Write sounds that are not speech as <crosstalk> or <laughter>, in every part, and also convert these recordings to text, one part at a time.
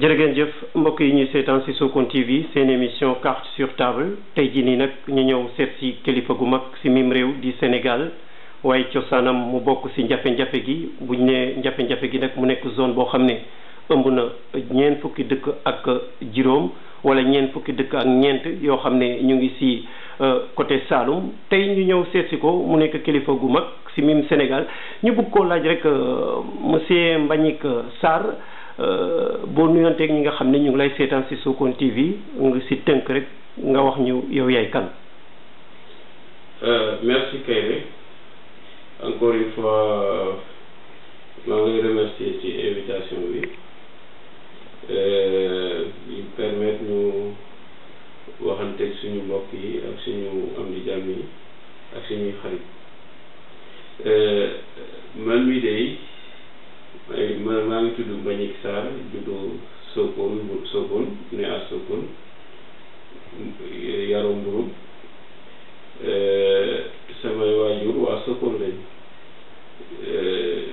jërëgeen jëf mbokk yi ñu seetaan si Sokone TV seen émission carte sur table tey jii nii nag ñu ñëw seet ci kilifa gu mag si mim réew di Sénégal waaye cosaanam mu bokk si njafe-njafe gi buñ nee njafe-njafe gi nag mu nekk zone boo xam ne ëmb na ñeent fukki dëkk ak juróom wala ñeent fukki dëkk ak ñeent yoo xam ne ñu ngi si euh, côté Saloum tey ñu ñëw seet si ko mu nekk kilifa gu mag si mim Sénégal ñu bëgg koo laaj rek euh, monsieur Mbagnick Sarr Euh, boo nuyonteeg ñi nga xam ne ñu ngi lay seetaan si Sokone TV nga si tënk rek nga wax ñu yow yaay kan. Euh, merci Kayre encore une fois euh, maa ngi remercier ci invitation yi permettre ñu waxanteeg suñu mbokk yi ak suñu am di jàmm yi ak suñuy xarit man mii de. Eh, ma maa ngi tudd Mbagnick Sarr juddu Sokone bu Sokone ne à Sokone yaroo Mburum eh, samay waajur waa Sokone lañ eh,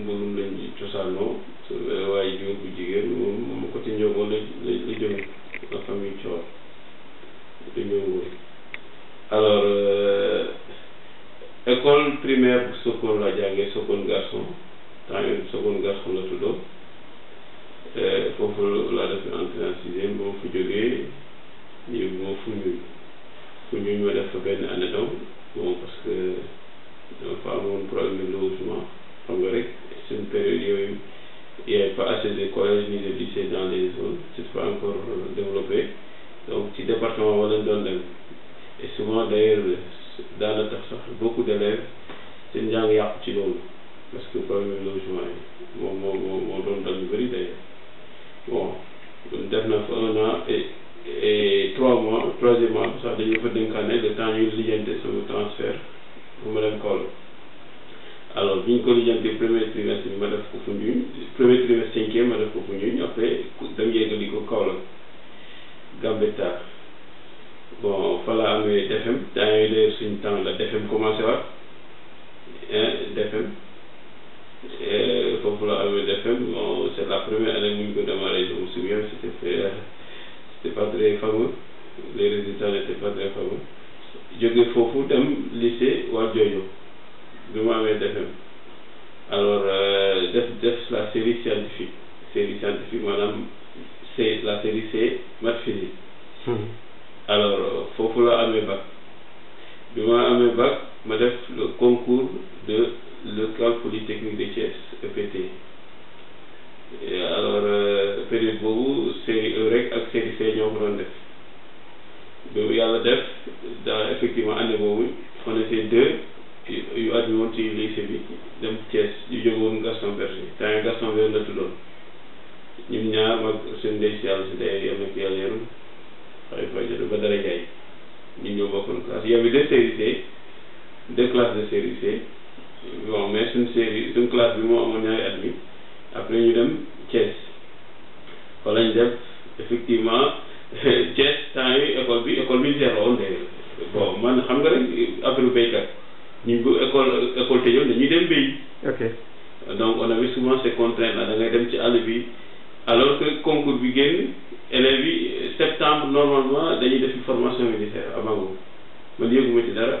Mburum lañ cosaanoo waajur bu jigéen moom moom côté Ndiobo la la la jógee la famille Thior la Ndiobo alors école primaire bu Sokone laa jàngee Sokone garçon. dans une seconde gas xam euh, la faut foofu laa def entrée en sixième boo fa jógee ñu moo fuñuñ fuñuñ ma def fa benn année donc bon parce que dama fa un problème de logement en nga C'est une période où il n'y avait pas assez de collèges ni de lycées dans les zones c'est pas encore euh, développé donc le département va doon donner, et souvent d'ailleurs dans notre sax beaucoup d'élèves c'est une yàqu petit long parce que problème logement yi moom moo moo moo doon dal lu bëri day bon def na fa un an mois troisième mois dañu fa dénkaane le temps ñu lijjante sama transfert bu ma dem Kaolack alors bi ñu ko lijjante premier trimestre ma def ko Foundiougne premier trimestre cinquième ma def ko Foundiougne après dem yeggali ko Kaolack Gambetta bon fa laa amee DFM temps yooyu suñu temps la DFM commencé waat DFM. foofu euh, la amee c'est la première année que ko démarré je me souviens c'était euh, c'était pas très fameux les résultats n'étaient pas très fameux j'ai foofu dem lycée le lycée bi mu amee defee alors euh, def la série scientifique série scientifique madame, c'est la série C maths physique. Hmm. alors foofu la amee bac bi ma bac ma le concours de. le club polytechnique de Thiès, EPT. alors, euh, période boobu CE rek ak CIC ñoo ko def boobu yàlla def dans effectivement année boobu on était deux yu admis woon ci lycée bi dem Thiès yu jóge Gaston Berger temps Gaston Berger la tuddoon ñun ñaar mag seen ndey si yàlla si day yàlla yarum xëy fa jot ba dara jaay ñun deux classes de CIC bon mais suñ série suñ classe bi moo amoon ñaari at mi après ñu dem Thiès fa lañ def effectivement <laughs> Thiès temps yi école bi école militaire la woon léegi bon man xam nga rek affaire béykat ñu bu école école te yoon dañuy dem béy. ok donc on avait souvent ces contraintes là da ngay dem ci àll bi alors que concours bi génn élèves yi septembre normalement dañuy def formation militaire avant boobu man yëguma ci dara.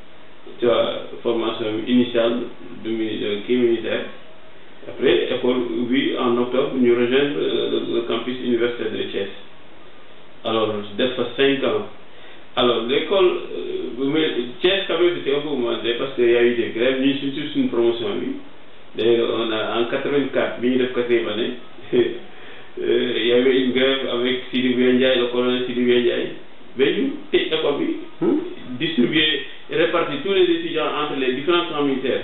tu as formation initiale du ministère militaire après école en octobre nous rejoignons euh, le campus universitaire de Thiès alors d'être fait cinq ans alors l'école euh, mais quand même c'était un peu mouvementé parce qu'il y a eu des grèves nous sommes tous une promotion d'ailleurs en 84 <laughs> euh, il y avait une grève avec le colonel Sidibé Ndiaye mais nous, tëj école bi hmm? répartit tous les étudiants entre les différents camps militaires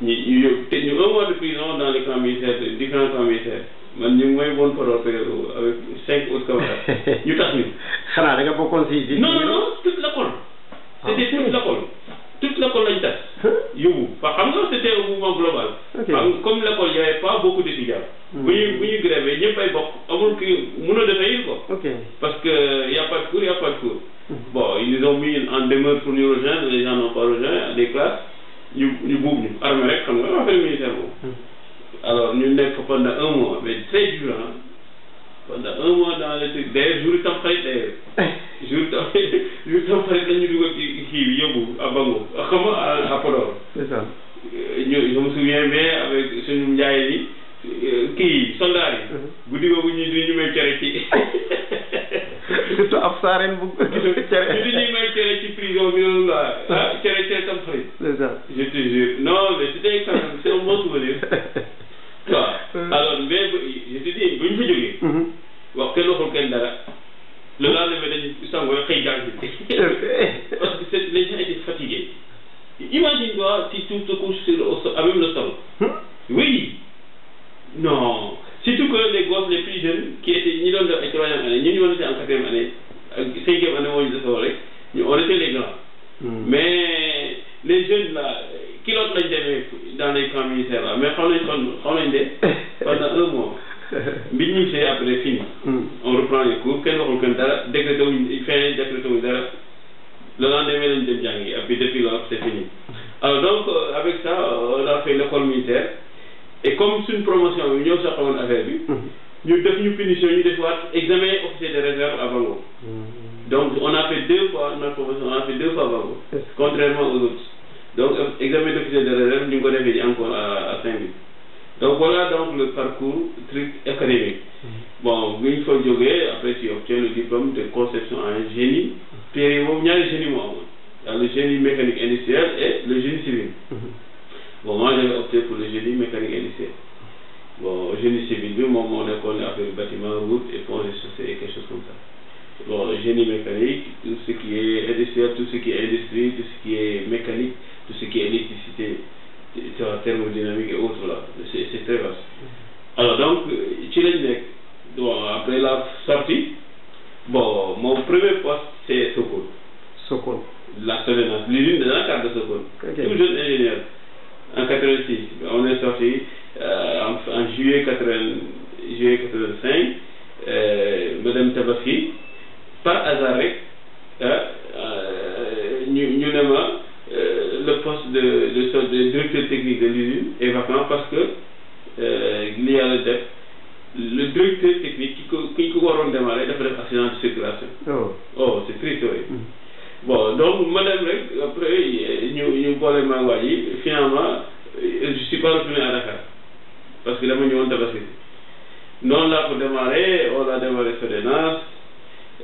ñu ñu te ñu un mois de prison dans les camps militaires différents camps militaires man ñu mooy bon parole avec cinq autres camarades <laughs> ñu tax ñu. xanaa da nga bokkoon si. non non non toute l'école. c'était ah. toute la colonie hein? you bah, c'était un mouvement global comme l'école n'y avait pas beaucoup de dégâts. Hmm. oui oui il mais amul parce que n'y a pas de cours il n'y a pas de cours hmm. bon ils nous ont mis en demeure pour nous les gens n'ont pas rejoint des classes Ils nous hmm. alors nous n'avons pas pendant un mois mais très dur hein. kon nag un mois dans le truc d'ailleurs jour tam xarit d'ailleurs <laughs> jour tam jour tam xarit dañu dugal ci kii bi yóbbu à Bango ah, xam nga à Podor. c'est ça. Euh, ñu je me souviens bien avec suñu njaay euh, yi kii soldats yi. guddi boobu ñu di ñu may cere ci. <laughs> surtout ab saareen bu <laughs> cere. ñu di ñu may cere ci prison bi noonu la ah cere cere tam xarit. c'est ça je te jure non mais c'était quand même c'est un bon souvenir. waaw euh. alors mais je te dis bu ñu fa jógee. Mhm. wax kenn waxul kenn dara le mhm. lendemain dañuy sangoo xëy jàng <laughs> parce que les gens étaient fatigués imagine-toi si tu te couches sur le avec le sol. Hmm? oui non surtout que les gosses les plus jeunes qui étaient ñi doon def troisième année ñun ñu doon en quatrième année ak cinquième année moo ñu defoo on était les grands hmm. mais les jeunes là qui lañ jamais dans les camps militaires là mais quand ils sont pendant un mois biñ c'est après fini hmm. on reprend les cours qu'elle qu'on kenn dara décrété fait fin décrété dara le lendemain lañ dem et puis depuis là c'est fini alors donc euh, avec ça on a fait l'école militaire et comme c'est une promotion nous avons fait woon affaire bi hmm. ñu def ñu punition nous examen officier de réserve avant donc, on a fait deux fois, notre profession, on a fait deux fois Bango, contrairement aux autres. Donc, examen d'officier de réserve, nous connaissons encore à, à 5 Donc, voilà donc le parcours truc académique. Mm-hmm. Bon, une fois que après tu obtiens le diplôme de conception en génie. Puis, il y a le génie, moi. le génie mécanique industriel et le génie civil. Mm-hmm. Bon, moi, j'ai opté pour le génie mécanique industriel. Bon, génie civil, moi, mon école a fait le bâtiment, route et chaussées et quelque chose comme ça bon, génie mécanique, tout ce qui est industriel, tout ce qui est industrie, tout ce qui est mécanique, tout ce qui est électricité, thermodynamique et autres là. C'est très vaste. Mm-hmm. Alors donc, après la sortie, bon, mon premier poste c'est Sokol. Sokol. La semaine l'usine de la carte de Sokol. Toujours ingénieur. En 86, on est sorti euh, en, juillet, quatre juillet 85. Euh, Madame Tabaski, par hasard rek ah, euh, ñu ñu ne ma euh, le poste de de directeur technique de l'usine est vacant parce que euh, li yàlla def le directeur technique ki ko ki ñu ko waroon démarrer dafa def accident de circulation. oh oh c'est triste mm. bon donc ma rek après ñu ñu boole maa waaj yi finalement je suis pas retourné à Dakar parce que dama ñëwoon tabaski noonu laa ko démarré on a démarré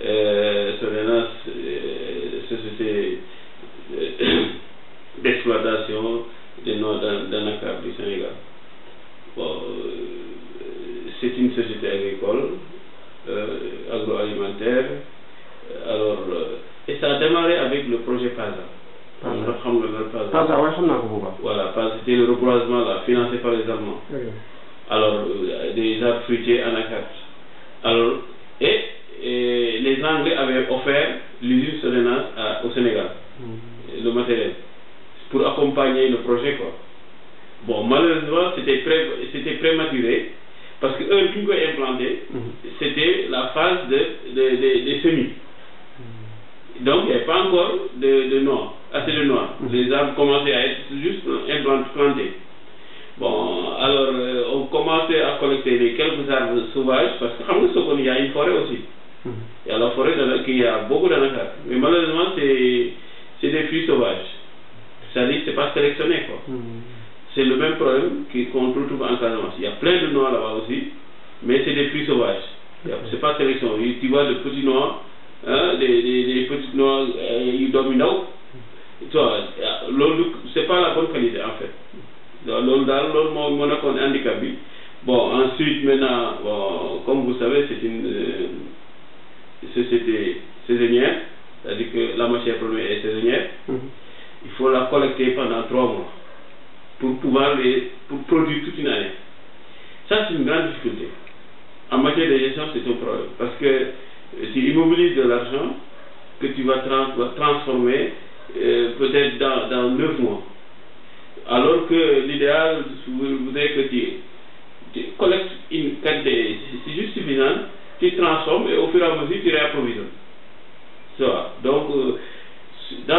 euh, surveillance, euh, société euh, <coughs> d'exploitation des noix d'anacarde du Sénégal. Bon, euh, c'est une société agricole, euh, agroalimentaire. Alors, et ça a démarré avec le projet PASA. PASA, Voilà, c'était le reboisement là, financé par les Allemands. Alors, des arbres fruitiers anacardes.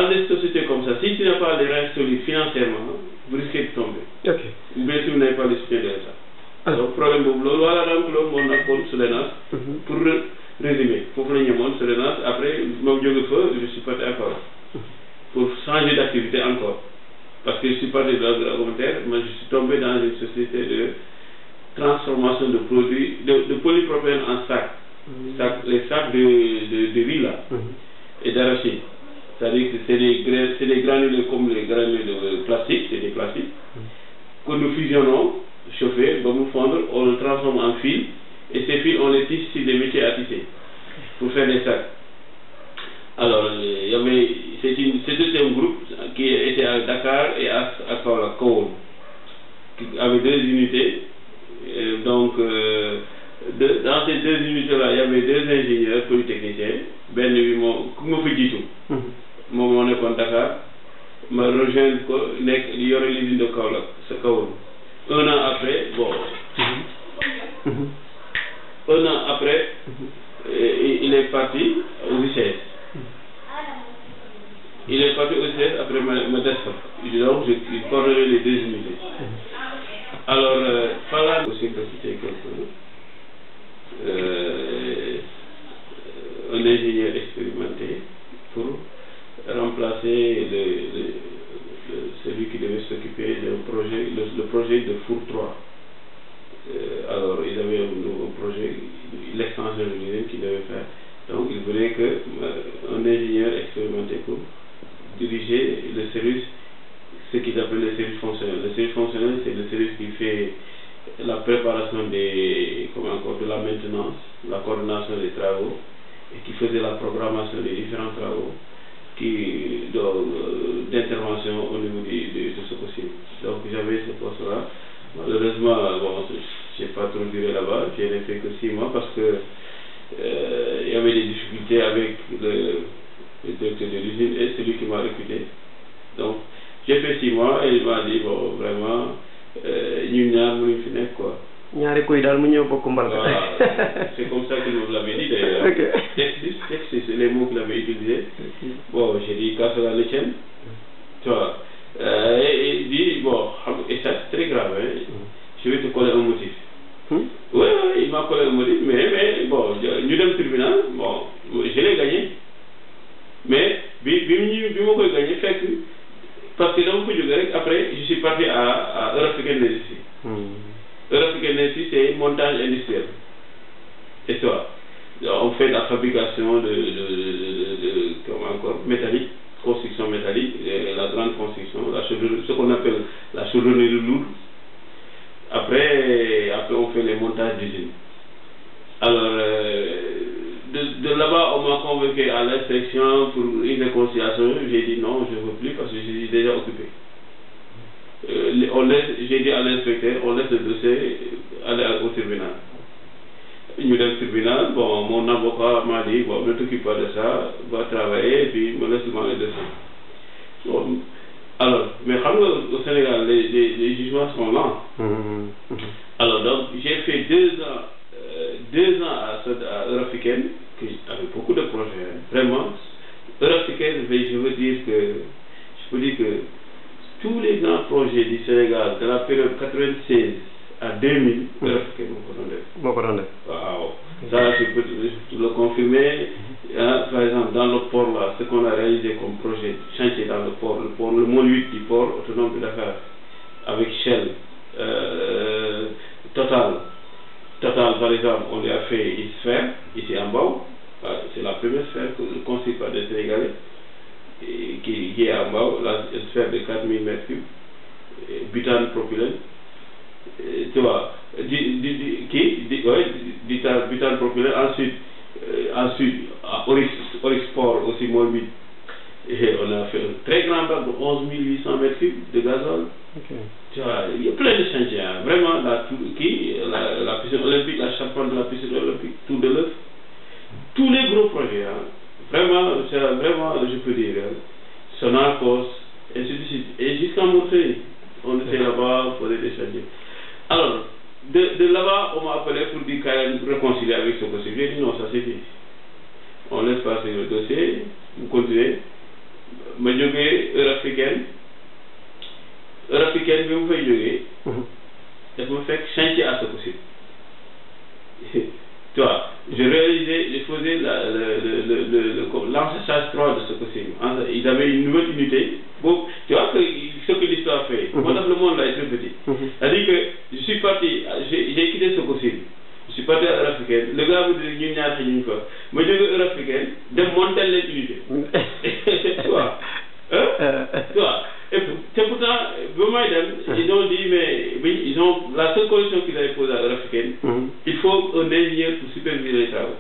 dans des sociétés comme ça, si tu n'as pas les règles solides financièrement, hein, vous risquez de tomber. Ok. Ou bien si vous n'avez pas discipliné de ça. Alors, le problème la langue, voilà donc loolu moo nekkoon Solenas. Mhm. pour résumer que la monde se Solenas après ma de fa je suis pas d'accord. Mhm. pour changer d'activité encore. parce que je suis droits de l'agroalimentaire, mais je suis tombé dans une société de transformation de produits, de, de polypropylène en sacs. Mhm. Sac, les sacs de, de, de là, et d'arachide. C'est-à-dire que c'est des, granules comme les granules euh, plastique, c'est des plastiques, que nous fusionnons, chauffer, nous fondre, on le transforme en fil, et ces fils, on les tisse sur des métiers à tisser, pour faire des sacs. Alors, il euh, y avait, c'était un groupe qui était à Dakar et à, à qui avait deux unités. Euh, donc, dans ces deux unités-là, il y avait deux ingénieurs polytechniciens, Ben et tout mon moo Dakar ma rejoint, il de c'est un an après bon mm-hmm. un an après mm-hmm. il est parti au mm-hmm. il est parti au lycée après ma ma donc je les deux minutes. alors Falan euh, aussi quelque chose. Euh, un ingénieur expérimenté pour remplacer le, celui qui devait s'occuper du projet, le, projet de Four 3. Euh, alors, ils avaient un nouveau projet, l'extension l'ingénieur qu'ils devaient faire. Donc, ils voulaient qu'un euh, un ingénieur expérimenté pour diriger le service, ce qu'ils appellent le service fonctionnel. Le service fonctionnel, c'est le service qui fait la préparation des, comment encore, de la maintenance, la coordination des travaux, et qui faisait la programmation des différents travaux. Euh, d'intervention au niveau de, ce fossile, Donc j'avais ce poste-là. Malheureusement, je n'ai pas trop duré là-bas, j'ai fait que six mois parce que euh, il y avait des difficultés avec le, directeur de l'usine et celui qui m'a recruté. Donc j'ai fait six mois et il m'a dit, bon, vraiment, il y a une quoi ñaari kuy dal mu ñëw bokk mbal. voilà c'est comme ça que vous l'avez dit d'ailleurs. ok texte texte c'est les mots que vous avez utilisés. bon j'ai dit qu'à cela ne tu vois euh, et, dit bon xam et ça c'est très grave hein. je vais te coller un motif. Hmm? ouais, oui il m'a collé un motif mais mais bon ñu dem tribunal bon je l'ai gagné eh. mais bi bi ñu bi ma koy gagné fekk parce que dama ko jógee rek après je suis parti à à Europe Africaine ici hmm. L'Europe ici c'est montage industriel. Et ça. On fait la fabrication de, encore, métallique, construction métallique, la grande construction, la ce qu'on appelle la chevelure lourde. Après, après, on fait les montages d'usine. Alors, euh, de, là-bas, on m'a convoqué à l'inspection pour une réconciliation. J'ai dit non, je ne veux plus parce que je déjà occupé. Euh, j'ai dit à l'inspecteur, on laisse le dossier aller au tribunal. Nous dit au tribunal, bon, mon avocat m'a dit, bon, ne t'occupe pas de ça, va travailler, et puis me laisse le dossier. Mais alors, mais au Sénégal, les, les, jugements sont lents. Hum, hum, hum, alors, donc, j'ai fait deux ans, euh, deux ans à, à du Sénégal de la période 96 à 2000. Euh, ça je peux le confirmer. Hein, par exemple, dans le port, là, ce qu'on a réalisé comme projet, chantier dans le port, le port, le 8 du port autonome de Dakar, avec Shell, euh, euh, Total. Total, par exemple, on lui a fait une sphère, ici en bas, bah, c'est la première sphère construite par des Sénégalais, qui, est en bas, la, sphère de 4000 m3. de les budgets. tu vois hein? Euh, euh. Tu vois C'est pourtant, vraiment, euh. ils ont dit, mais, mais ils ont, la seule condition qu'ils avaient posée à l'africaine, mm-hmm. il faut un ingénieur pour superviser les travaux.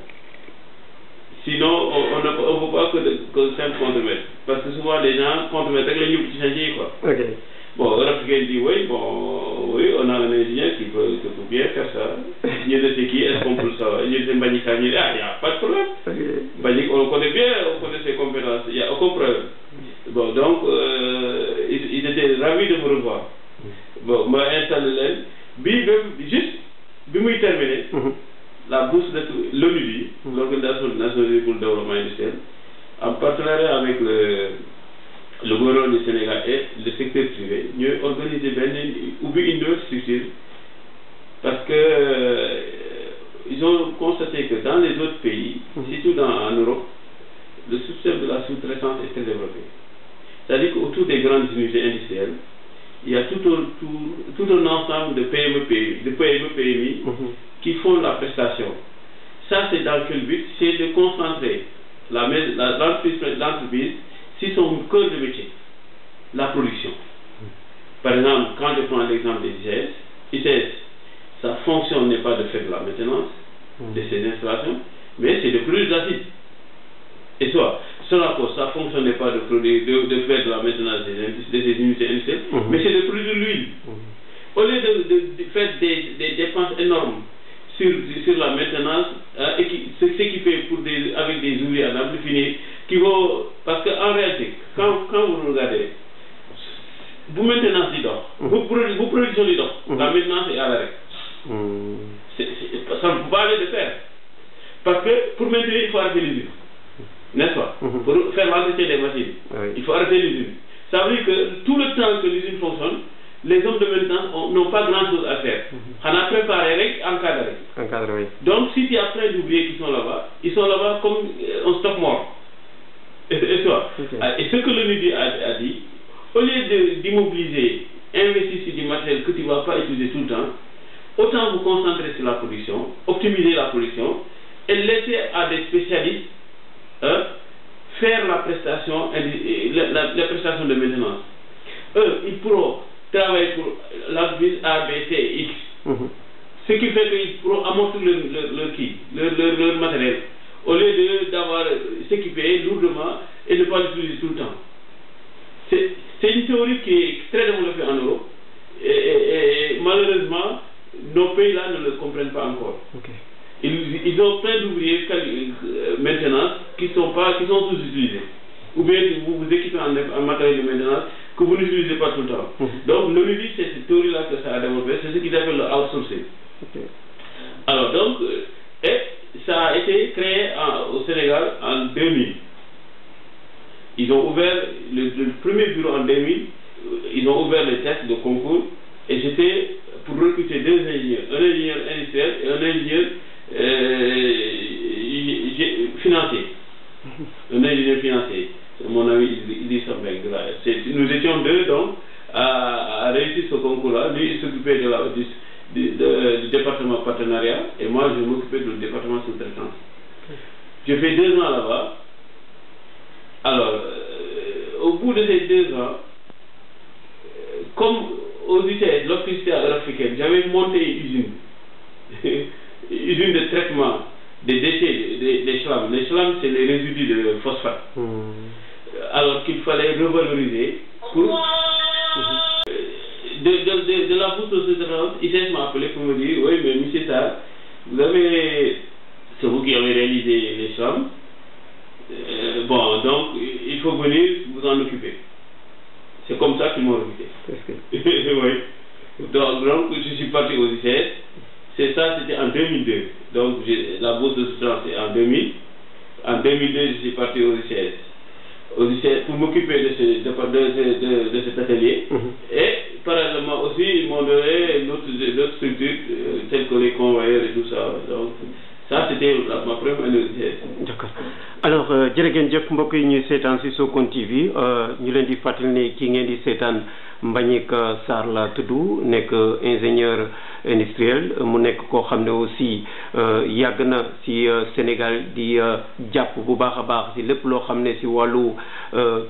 Sinon, on ne on, pas que, que le simple mettre. Parce que souvent, les gens contre avec les ont changé, quoi. Okay. Bon, l'Africain dit oui, bon, oui, on a un ingénieur qui peut, bien faire ça. Il y a des qui, est-ce qu'on peut le savoir Il y a des ah, il n'y a pas de problème. on connaît bien, on connaît ses compétences, il n'y a aucun problème. Bon, donc, euh, ils, il étaient ravis de vous revoir. Bon, mais installé l'aide. là juste, puis, juste terminé, mhm. la bourse de l'ONU, mhm. l'Organisation nationale pour le développement industriel, en partenariat avec le le gouvernement du Sénégal et le secteur privé mieux organisé ou une structure parce que euh, ils ont constaté que dans les autres pays, mmh. surtout dans, en Europe, le système de la sous-traitance est très développé. C'est-à-dire qu'autour des grandes unités industrielles, il y a tout un, tout, ensemble de PME, e PMI, de mmh. PME, qui font la prestation. Ça, c'est dans quel but C'est de concentrer l'entreprise la, si son code de métier, la production. Par exemple, quand je prends l'exemple des ICS, ICS, sa fonction n'est pas de faire de la maintenance mm. de ces installations, mais c'est de produire de l'acide. Et soit, cela cause, sa fonction n'est pas de, de, faire de la maintenance des, des unités industrielles, mm-hmm. mais c'est de produire de l'huile. Mm-hmm. Au lieu de, faire des dépenses énormes sur, la maintenance, hein, et ce, qui fait pour des, avec des ouvriers à l'âme fini, qui vont. Parce qu'en réalité, quand, quand vous regardez, vous maintenance du mm-hmm. vous, vous production mm-hmm. la maintenance est à l'arrêt. Mm-hmm. ça ne peut pas aller de faire. Parce que pour maintenir, il faut arrêter les N'est-ce pas Pour faire l'entretien des machines, il faut arrêter les Ça veut dire que tout le temps que l'usine fonctionne, les hommes de maintenant n'ont pas grand chose à faire. on mhm. a préparé, encadrer. Encadrer oui. Donc si tu es en train d'oublier qu'ils sont là-bas, ils sont là-bas comme euh, un stock mort. Et, et, toi, ah, et ce que le a, a, dit, au lieu d'immobiliser, investir sur du matériel que tu ne vas pas utiliser tout le temps, autant vous concentrer sur la production, optimiser la production et laisser à des spécialistes hein, faire la prestation, euh, la, la prestation de maintenance. Eux, ils pourront travailler pour A, ABCX. Mm X. Mhm. Ce qui fait qu'ils pourront leur, leur, leur, leur, matériel, au lieu d'avoir euh, s'équiper lourdement et ne pas l'utiliser tout le temps. C'est une théorie qui est extrêmement développée en Europe et, malheureusement, nos pays-là ne le comprennent pas encore. Ils, ils, ont plein d'ouvriers euh, maintenant qui sont, pas, qui sont tous utilisés ou bien vous vous équipez en, matériel de maintenance que vous n'utilisez pas tout le temps. Hmm. Donc, le c'est cette théorie-là que ça a développé, c'est ce qu'ils appellent le outsourcing. Alors, donc, euh, ça a été créé au Sénégal en 2000. Ils ont ouvert le, premier bureau en 2000, euh, ils ont ouvert les tests de concours et j'étais pour recruter deux ingénieurs, un ingénieur industriel et un ingénieur euh, financier un ingénieur financier, mon ami il dit c'est Nous étions deux donc à, réussir ce concours-là. Lui, il s'occupait du, département partenariat et moi, je m'occupais du département sous-traitance. J'ai fait deux ans là-bas. Alors, euh, au bout de ces deux ans, euh, comme on disait l'officier africain, j'avais monté une usine, <laughs> une usine de traitement des déchets, des, des Les slams, c'est les résidus de phosphate. Hmm. Alors qu'il fallait revaloriser pour. De, de, la bourse aux m'a appelé pour me dire Oui, mais monsieur ça, vous avez. C'est vous qui avez réalisé les sommes euh, bon, donc, il faut venir vous en occuper. C'est comme ça qu'ils m'ont invité. <laughs> oui. Donc, donc, je suis parti aux ICS. C'est ça, c'était en 2002. Donc, la bourse de soutenance, c'est en 2000. En 2002, je suis parti au ICS. Au ICS pour m'occuper de, de, cet atelier. Mhm. Et, parallèlement aussi, ils m'ont donné d'autres structures, euh, telles que les convoyeurs et tout ça. ça c'était alors euh, jërë ngeen jëf mbokk yi ñuy seetaan si Sokone TV euh, ñu leen di fàttali ne kii ngeen di seetaan Mbagnick Sarr la tudd nekk ingénieur industriel mu nekk koo xam ne aussi euh, yàgg na si Sénégal di jàpp bu baax a baax si lépp loo xam ne si wàllu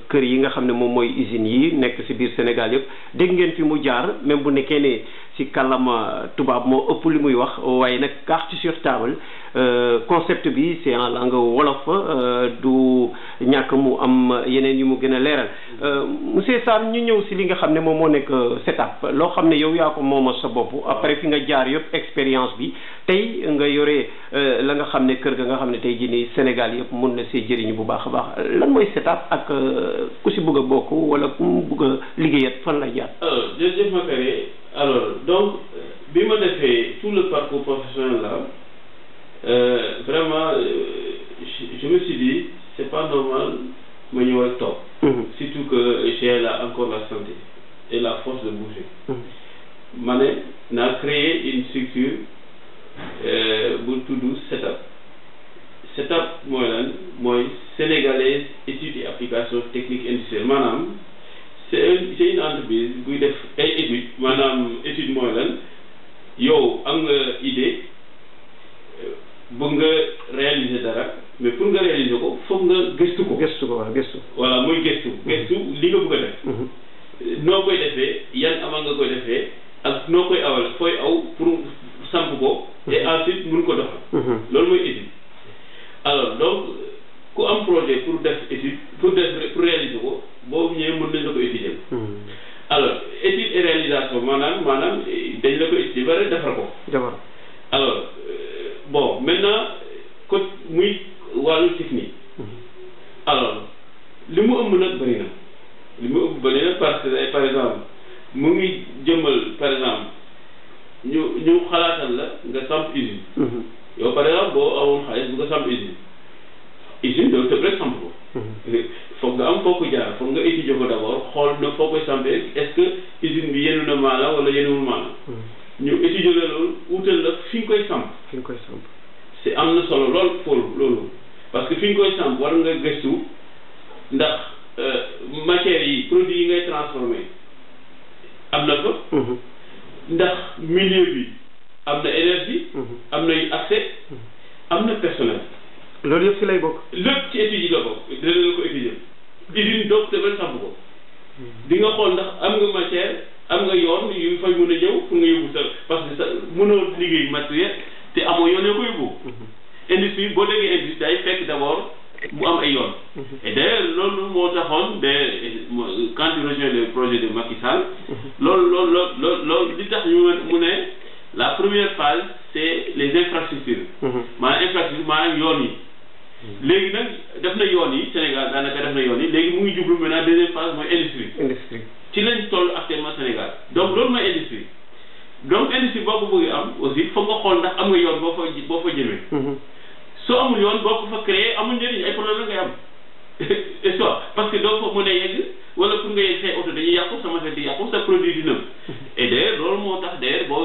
kër yi nga xam ne moom mooy usines yi nekk si biir Sénégal yëpp dégg ngeen fi mu jaar même bu nekkee ne. ci kàllaama tubaab moo ëpp li muy wax waaye nag carte sur table euh, concept bi c'est en langue wolof euh, du ñàkk mu am yeneen yu mu gën a leeral euh, monsieur Sarr ñu ñëw si li nga xam ne moom moo nekk setup loo xam ne yow yaa ko moom sa bopp après fi nga jaar yëpp expérience bi tey nga yore la nga xam ne kër ga nga xam ne tey jii nii Sénégal yëpp mun na see jëriñu bu baax a baax lan mooy setup ak ku si bëgg a bokk wala ku mu bëgg liggéeyat fan la jaar alors donc bien fait, tout le parcours professionnel là euh, vraiment euh, je, me suis dit c'est pas normal ma top top, mhm. surtout que j'ai encore la santé et la force de bouger. Mhm. Manet, n'a créé une structure euh, bu tudd setup setup moi moi Sénégalais sénégalaise études et application technique industrielles. c' en c' est une entreprise buy def ay étude maanaam étude mooy lan yow am nga idée bëgg nga réaliser dara mais pour nga réaliser ko foog nga gëstu ko. gëstu ko waaw gëstu. voilà muy gëstu. Mm-hmm. gëstu li nga bëgg a def. Mm-hmm. noo koy defee yan amal nga koy defee ak noo koy awal fooy aw pour samp ko. et mm-hmm. ensuite mun ko doxal. loolu mooy étude alors donc. ku am projet pour def étude pour def pour réaliser ko boobu ñëwee mën nañ la ko étudier hmm. alors étude et réalisation maanaam maanaam dañ la ko étudier ba defar ko defar alors euh, bon maintenant ko muy wal technique hmm. alors li mu ëmb nag bëri na li mu ëmb bëri na parce que par exemple mu ngi jëmmal par exemple ñu ñu xalaatal la nga samp usine hmm. yow par exemple boo amoon xaalis bu nga samp usine usine donc c'est presque samp mhm. ko foog nga am foo ko jaar foog nga étudier ko d' abord xool na foo koy sampé est ce que usine bi yenu na maala wala yenuwul maala mhm. ñu étudier la loolu wutal la fi nga koy samp fi nga koy samp c'est am na solo lool pour loolu parce que fi nga koy samp war nga gëstu ndax euh, matière yi produit yi ngay transformé am na ko mhm. ndax milieu bi am na énergie am na accès am na personnel loolu yëpp ci lay bokk. lépp ci études yi la bokk dana la ko étudier usine donc demal sàmm ko. di nga xool ndax am nga matière am nga yoon yu fay mën a ñëw pour nga yóbbu sa parce que sa mënoo liggéey matière te amoo yoon yoo ko yóbbu. Mhm. industrie boo déggee industrie day fekk d' abord mu am ay yoon. Mhm. et d' ailleurs loolu moo taxoon de quand tu rejoins le projet de Macky Sall. Mhm. loolu loolu loolu loolu li tax ñu mu ne la première phase c' est les infrastructures. maanaam infrastructure maanaam yoon yi. Mm. léegi nag def na yoon yi Sénégal daanaka def na yoon yi léegi mu ngi jublu maintenant deuxième phase mooy industrie. industrie ci lañ toll actuellement Sénégal donc loolu mooy industrie donc industrie boo ko bëggee am aussi foog nga xool ndax am nga yoon boo fa boo fa jëmee. Mm-hmm. soo amul yoon boo ko fa créé amul njëriñ ay problème la ngay am <laughs> et parce que doo ko mën a yegg wala pour nga say oto dañuy yàqu sama xel di yàqu sa produit di nëb. Mm-hmm. loolu moo tax d'ailleurs boo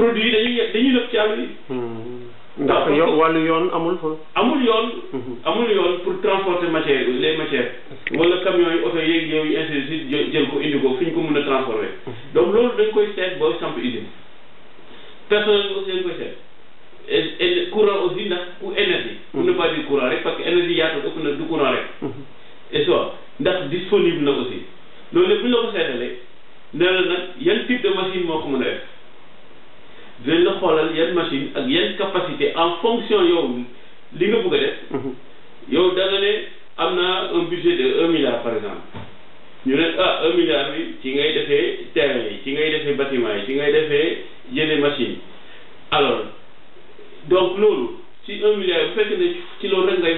produit yi dañuy yegg dañuy ci àll bi. Hmm. ndax yo wàllu yoon amul fa. amul yoon. Hmm. amul yoon pour transporter matière les matières. wala camions yi oto yeeg yooyu ainsi de suite jël ko indi ko fi ñu ko mën a transformer. Hmm. donc loolu dañ koy seet booy samp usine. personnel bi aussi dañ koy seet. et courant aussi ndax ku énergie. pour ne pas dire rek parce que énergie yaatu ëpp na du courant rek. et soit ndax disponible na aussi loolu lépp bu la ko seetalee nee nag yan type de machine moo ko mën a def. dinañ la xoolal yan machine ak yan capacité en fonction yow li nga bëgg a def. Mhm. yow da nga ne am naa un budget de un milliard par exemple ñu ne ah un milliard bi ci ngay defee terrain yi ci ngay defee bâtiment yi ci ngay defee jëndee machine alors donc loolu ci un milliard bu fekk ne ci loolu rek nga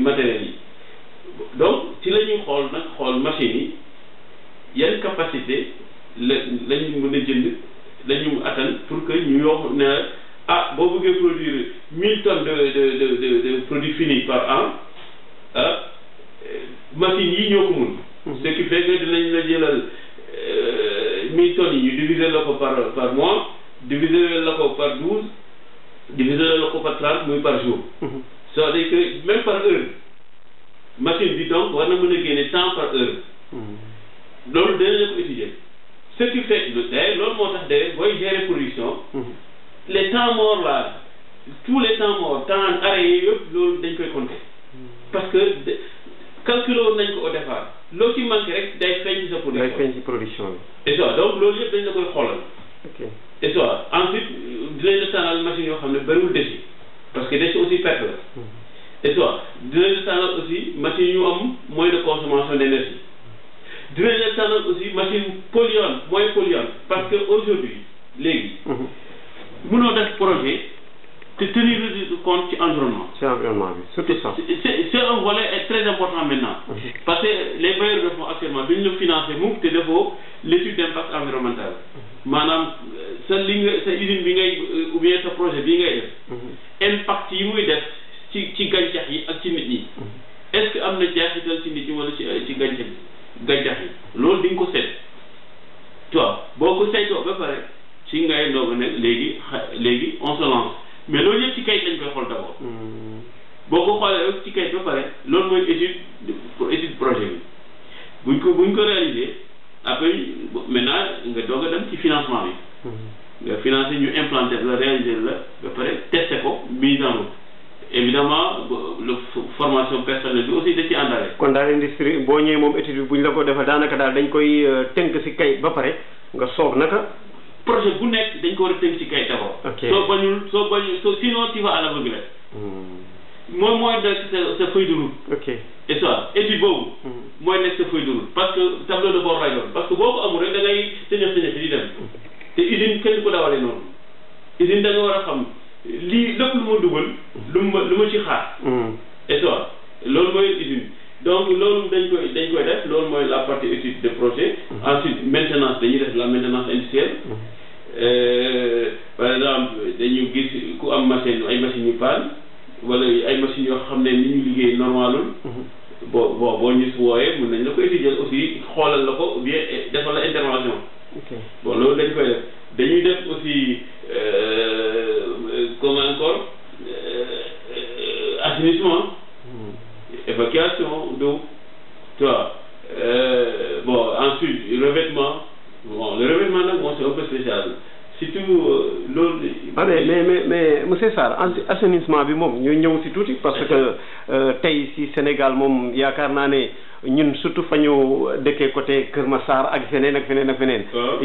matériel yi donc ci lañu xool nag xool machine yi yan capacité la lañu mën a jënd lañu atan pour que ñu yoo ne ah boo bëggee produire mille tonnes de de de de produit fini par an Euh, ou bien sa projet bii ngay def mhm. impact yi muy def ci ci gàncax yi ak ci nit ñi mhm. est-ce am na jaaxital ci nit wala ci ci gàncax gàncax yi loolu di nga ko seet tu vois boo ko saytoo ba pare ci ngay ndoog ne léegi on se lance mais loolu yëpp ci kayit lañ koy xool d'abord mhm. boo ko xoolee rek ci kayit ba pare loolu mooy étude pour étude projet bi buñ ko buñ ko réaliser après maintenant nga doog a ci financement bi nga financé ñu implanté la réalisé la ba pare testé ko mise en route évidemment le formation personnelle bi aussi da ci àndaale. kon daal industrie boo ñëwee moom étude bi bu ñu la ko defee daanaka daal dañ koy euh, tënk si kayit ba pare nga soog naka. projet bu nek dañ ko war a tënk si kayit d'abord. bañul so bañul soo sinon tu vas à l'aveuglette. Hmm. moom mooy nekk sa sa feuille de route. ok et ça étude boobu. Hmm. mooy nek sa feuille de route parce que tableau de bord lay parce que boko amul rek da ngay seigneur tëjëf di dem te usine kenn du ko dawale noonu usine da nga war a xam lii lépp lu ma dugal. lu ma lu ma ci xaar. Hmm. et toi loolu mooy usine donc loolu dañ koy dañ koy def loolu mooy la partie étude de projet. Hmm. ensuite maintenance dañuy def la maintenance industrielle. Hmm. Euh, par exemple dañu gis ku am machine ay machine yu paan wala ay machine yoo xam ne ni ñu liggéey normalul bon boo boo ñu wooyee mën nañ la ko étudier aussi xoolal la ko bien eh, defal la intervention. bon loolu dañ koy def dañuy def aussi euh, comme encore euh, assainissement hmm. évacuation d'eau tu euh, bon ensuite revêtement bon le revêtement nag moom c'est un surtout euh, loolu. ah mais mais mais monsieur Sarr bi moom ñu ñëw si tuuti. parce que euh, tey si Sénégal moom yaakaar naa ne ñun surtout fa ñu dëkkee côté Kër Massar ak feneen ak feneen ak feneen.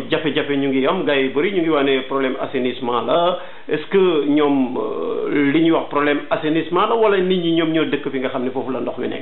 jafe-jafe ñu ngi am gars bëri ñu ngi wax ne problème assainissement la est-ce que ñoom euh, li ñuy wax problème assainissement la wala nit ñi ñoom ñoo dëkk fi nga xam ne foofu la ndox mi nekk.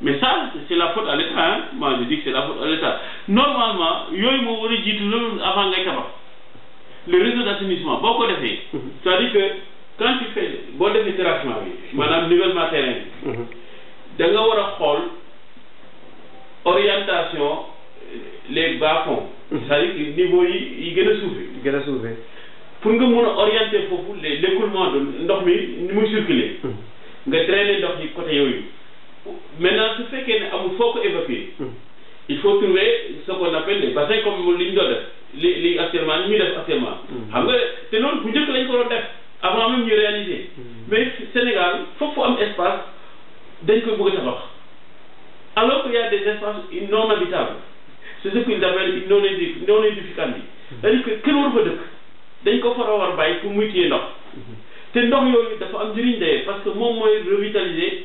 mais ça c'est la faute à l'État hein moi je dis que c'est la faute à l'État normalement Yoy moo dit tout le monde avant ngay tabax le réseau d'assainissement beaucoup ko mhm. c'est-à-dire que quand tu fais bon de terrassement bi mhm. maanaam avec terrain bi mhm. da nga war a orientation euh, les bas-fonds c'est-à-dire que niveau yi yi gën pour que mun a orienter les l'écoulement de l'endormi, mi ni circuler nga drainer ndox yi côté Yoy maintenant ce fekkee qu'il faut faut évacuer hmm. il faut trouver ce qu'on appelle les bassins comme les ñu les def les li actuellement li ñuy def actuellement hmm. xam nga avant même de réaliser hmm. mais Sénégal faut faire un espace dès que vous a tabax alors qu'il y a des espaces non habitables c'est ce qu'ils appellent non édi non édificandi c'est-à-dire que kenn waru fa dëkk dañ ko fara war bàyyi pour muy téye ndox C'est ndox yooyu dafa am njëriñ parce que moom mooy revitaliser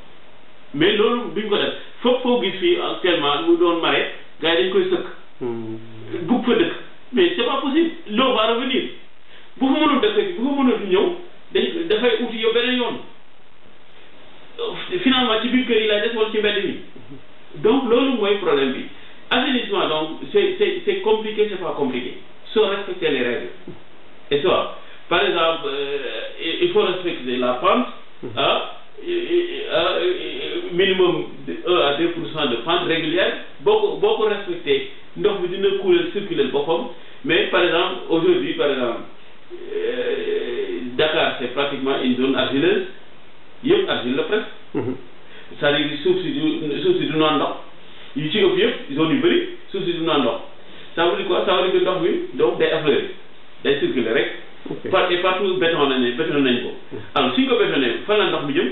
mais loolu bi ko def foog foo gis fii actuellement mu doon mare gars yi dañ koy sëkk. Hmm. bugg fa dëkk mais c'est pas possible l'eau va revenir bu ko mënoon dëkk bu ko mënoon ñëw dañ dafay uti yow beneen yoon finalement ci biir kër yi lay des wala ci mbedd mi donc loolu mooy problème bi assainissement donc c'est c'est c'est compliqué c'est pas compliqué soo respecter les règles et ça par exemple euh, il faut respecter la pente ah. Euh, euh, minimum de 1 à 2% de pente régulière beaucoup respecté donc vous respecté ndox pas circuler mais par exemple aujourd'hui par exemple euh, Dakar c'est pratiquement une zone argileuse une argile agile presque. Mhm. c'est-à-dire suuf si du suuf du naan ndox yu Ils ëpp yëpp zone yu soucis du ça veut dire quoi ça veut dire que ndox oui, donc des affaires, des circuler rek. et partout béton en ne béton en ko. Mhm. alors si vous bétonné fan la ndox bi jëm.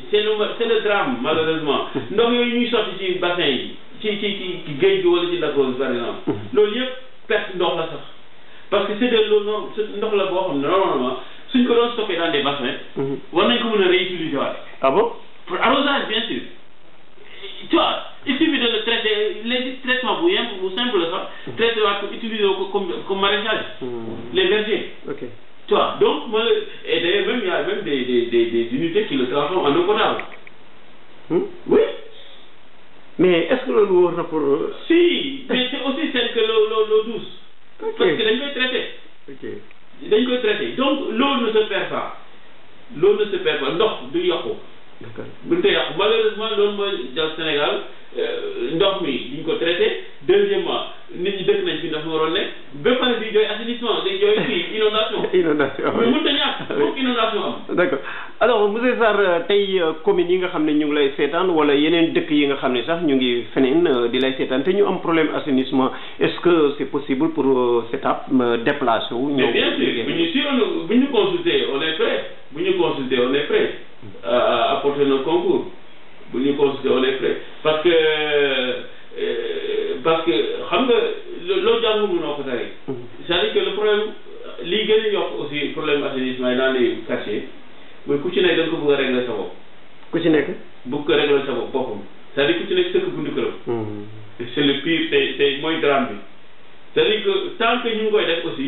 c'est le drame malheureusement <laughs> Donc, il y sorte ci bassin qui ci ci ci géej wala ci cause par exemple le <laughs> lieu perte ndox la sorte parce que c'est de l'eau donc la boîte normalement suñ ko doon stocké dans des bassins on mhm. nañ ko mën a réutiliser ah bon pour arrosage bien sûr tu vois il suffit de le traiter les traitements vous yem bu simple la mhm. traiter ko utiliser comme comme mhm. les vergers ok donc, et d'ailleurs, même, il y a même des, unités qui le transforment en eau potable. Hmm? Oui. Mais est-ce que l'eau lourd pour euh, Si, mais c'est aussi celle que l'eau douce. Parce que l'eau est traitée. Ok. Donc, l'eau ne se perd pas. L'eau ne se perd pas. y de Yoko buñu koy yàq malheureusement loolu mooy jàll Sénégal euh, ndox mi duñ ko traité deuxièmement nit ñi dëkk nañ fi ndox mi waroon nekk ba pare di jooy assainissement day jooy kii <laughs> inondation inondation mais mënut a ñàkk foog inondation am d' accord alors monsieur Sarr euh, tey euh, communes yi nga xam ne ñu ngi lay seetaan wala yeneen dëkk yi nga xam ne sax ñu ngi feneen di lay seetaan te ñu am problème assainissement est ce que c' est possible pour CETAP déplacer wu ñëw bien sûr bu ñu si on bu ñu consulter on est prêt bu ñu consulter on est prêt à apporter nos concours bu ñu consulter on est prêt parce que euh, parce que xam nga loo jàngul mënoo ko tari mm-hmm. c'est-à-dire que le problème lii gën a yokk aussi problème assainissement yi dans les quartiers mooy ku ci nekk da nga ko bëgg a régler sa bopp ku ci nekk bëgg ko régler sa bopp boppam mm-hmm. bi cest tant que ñu ngi koy def aussi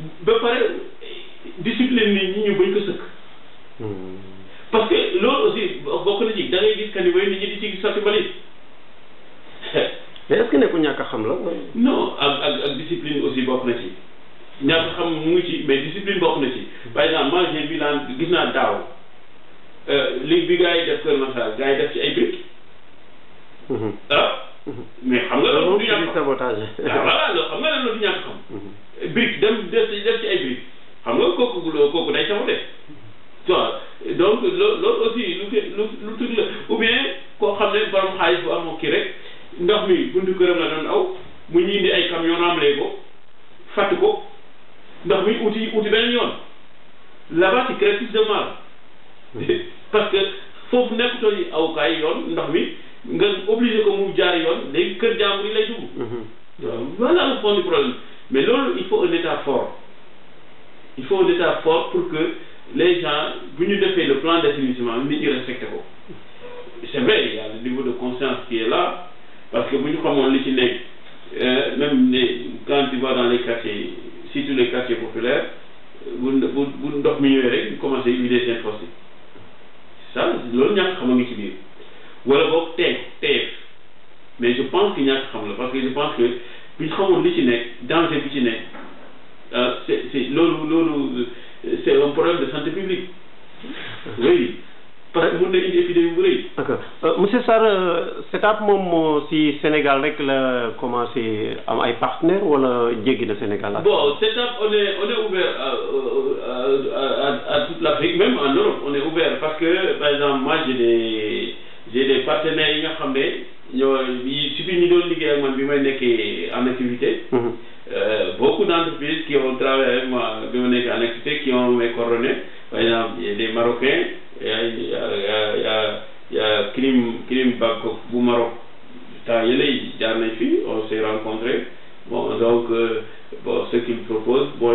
ba pare discipline nit ñu bañ ko sëkk. parce que loolu aussi bokk na ci da ngay gis que ni way di ci sotti mbalit. mais est-ce que nekkul ñàkk a xam la. non ak ak ak discipline aussi bokk na mu ngi ci mais discipline bokk na ci par exemple moi j'ai vu naan gis naa daaw euh, ligue bi gars yi def Kër Massar gars yi def ci ay briques. Mhm. ah. Mhm. mais xam nga loolu du ñàkk a xam sabotage. ah voilà loolu xam nga loolu du brique dem def ci ay brique xam nga kooku kooku day saxu de tu vois donc loo loolu aussi lu lu lu tudd la ou bien koo xam ne borom xaalis bu amoo kii rek ndox mi buntu këram la doon aw mu ñu indi ay camion remblayé ko fàtt ko ndox mi uti uti beneen yoon là-bas tu crées plus de mal <laughs> parce que foofu nekkutoo yi awukaay yoon ndox mi nga obligé ko mu jaar yoon léegi kër jàmbur yi lay dugg. Mhm. voilà le fond problème. Mais là, il faut un état fort il faut un état fort pour que les gens venus de faire le plan d'assainissement ne respectent. c'est vrai il y a le niveau de conscience qui est là parce que vous comme on même quand tu vas dans les quartiers si tous les quartiers populaires vous ne dormez pas, mi commencez rek vous vider ça loolu Il y a ngi ci mais je pense y a a la parce que je pense que Puisqu'on xamul que nous danger c'est un problème de santé publique oui parce que mun na épidémie Oui. D'accord. Euh, monsieur Sarr SETAP euh, moom si Sénégal rek la commencé am un partenaire wala le na Sénégal. bon SETAP on est on est ouvert à à toute l'Afrique, même en Europe on est ouvert parce que par exemple moi j'ai des j'ai des partenaires qui il suffit de dire que je ak eh, beaucoup d'entreprises qui ont travaillé avec moi bi en activité qui ont été par exemple des Marocains y a y a y a y a Krim Krim Maroc Il y a des filles, on s'est rencontrés. bon donc euh, ce qu'ils proposent bon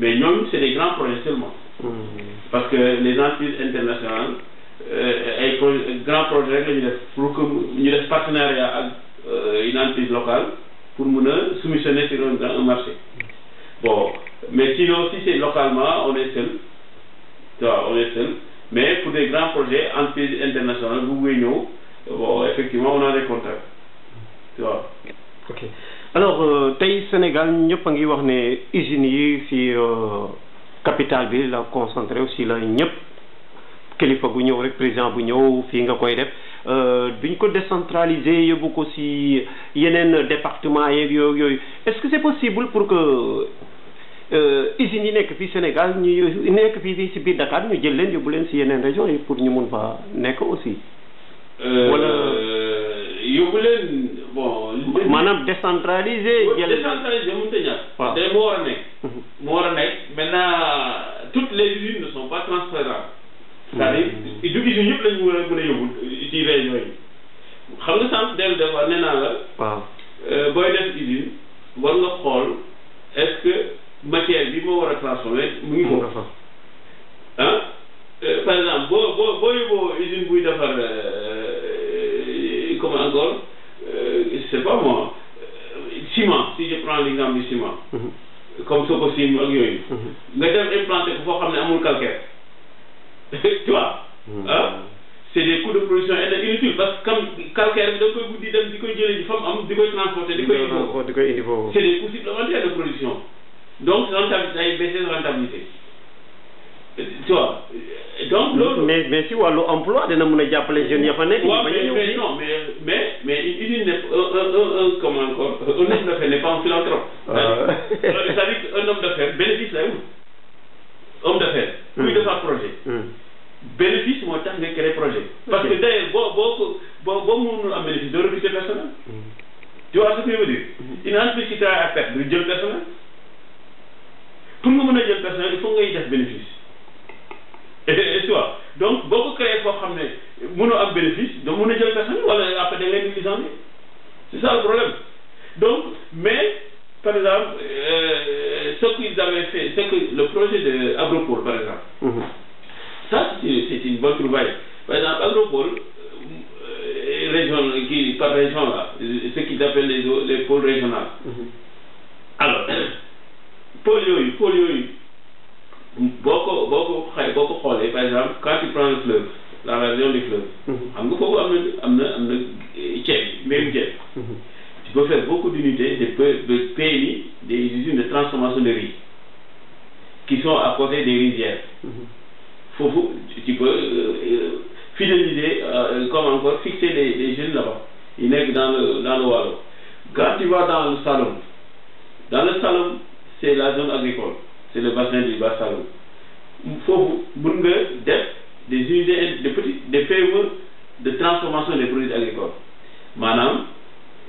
mais ñoom c'est des grands projets seulement. parce que les entreprises internationales. Euh, ay grand projet projets, la ñu def pour que ñu partenariat euh, une entreprise locale pour nous soumissionner sur un grand marché bon mais sinon si c'est localement on est seul tu vois on est seul mais pour des grands projets entreprise internationale vous voyez nous, bon effectivement on a des contacts tu vois. ok alors euh, tey Sénégal nous avons ngi wax ne si yi capitale ville la concentré aussi là kilifa gu ñëw rek président bu ñëw fii nga koy def euh, duñ ko décentraliser yóbbu ko si yeneen département yeeg yooyu yooyu est-ce que c'est possible pour que euh, usines yi nekk fii Sénégal ñu nekk fii si biir Dakar ñu jël leen yóbbu leen si yeneen région yi pour ñu mun fa nekk aussi. Euh, wala yóbbu leen bon. maanaam décentraliser. jël décentraliser mënut a ñàkk. waaw day moo war a nekk. Mhm. moo war a nekk maintenant toutes les usines ne sont pas transparentes. c'est-à-dire éducation yëpp lañ mën a mën a yóbbu ci réunion yi xam nga sànq dellu des fois nee naa la. waaw euh, booy nga xool est-ce bi moo war a transformer mu ngi ko. ah euh, par exemple boo boo boo yóbboo usine buy defar euh, comme encore c'est pas moi ciment si je prends l'exemple du ciment. Mhm. comme Sococim ak yooyu. Mhm. nga dem implanté ko foo ne amul calcaire. tu vois. c'est les hmm. hein? coûts de production inutiles parce que comme calcaire vous transporter coûts supplémentaires de production donc rentabilité baisse rentabilité. tu vois donc mais mais si on emploi dina n'a a les jeunes mais non mais mais mais un encore homme d'affaires n'est pas un philanthrope. Euh. <laughs> c'est-à-dire homme d'affaires bénéfice là où homme d'affaires. Hum. de un projet. Hum. bénéfice moi, tax nga créer projet. parce que d'ailleurs, beaucoup... beaucoup beaucoup boo un bénéfice de recruter personnel. Hum. tu vois ce que je veux dire. une entreprise qui travaille à perte de jël personnel. pour nga mën a jël personnel il faut ngay def bénéfice. et tu donc beaucoup de créer foo xam ne avons am bénéfice donc mën a jël personnel wala après da ngay licencier c'est ça le problème donc mais par exemple, euh, ce qu'ils avaient fait, c'est que le projet de Agropole, par exemple, mhm. ça c'est une bonne trouvaille. Par exemple, Agropole, euh, euh qui, par région là, euh, ce qu'ils appellent les, les, pôles régionales. Mhm. Alors, pôle yoyu, pôle Boko beaucoup, beaucoup, beaucoup, par exemple, quand tu prends le fleuve, la région du fleuve, il mhm. faut même peut faire beaucoup d'unités de pays, des usines de transformation de riz, qui sont à côté des rizières. Mm -hmm. tu peux euh, euh fidéliser, euh, euh, comme encore, fixer les, jeunes là-bas. Ils n'est dans le, dans le Quand tu vas dans le salon, dans le salon, c'est la zone agricole, c'est le bassin du bas salon. Il faut des unités, des, petits, e e de transformation des produits agricoles. Madame.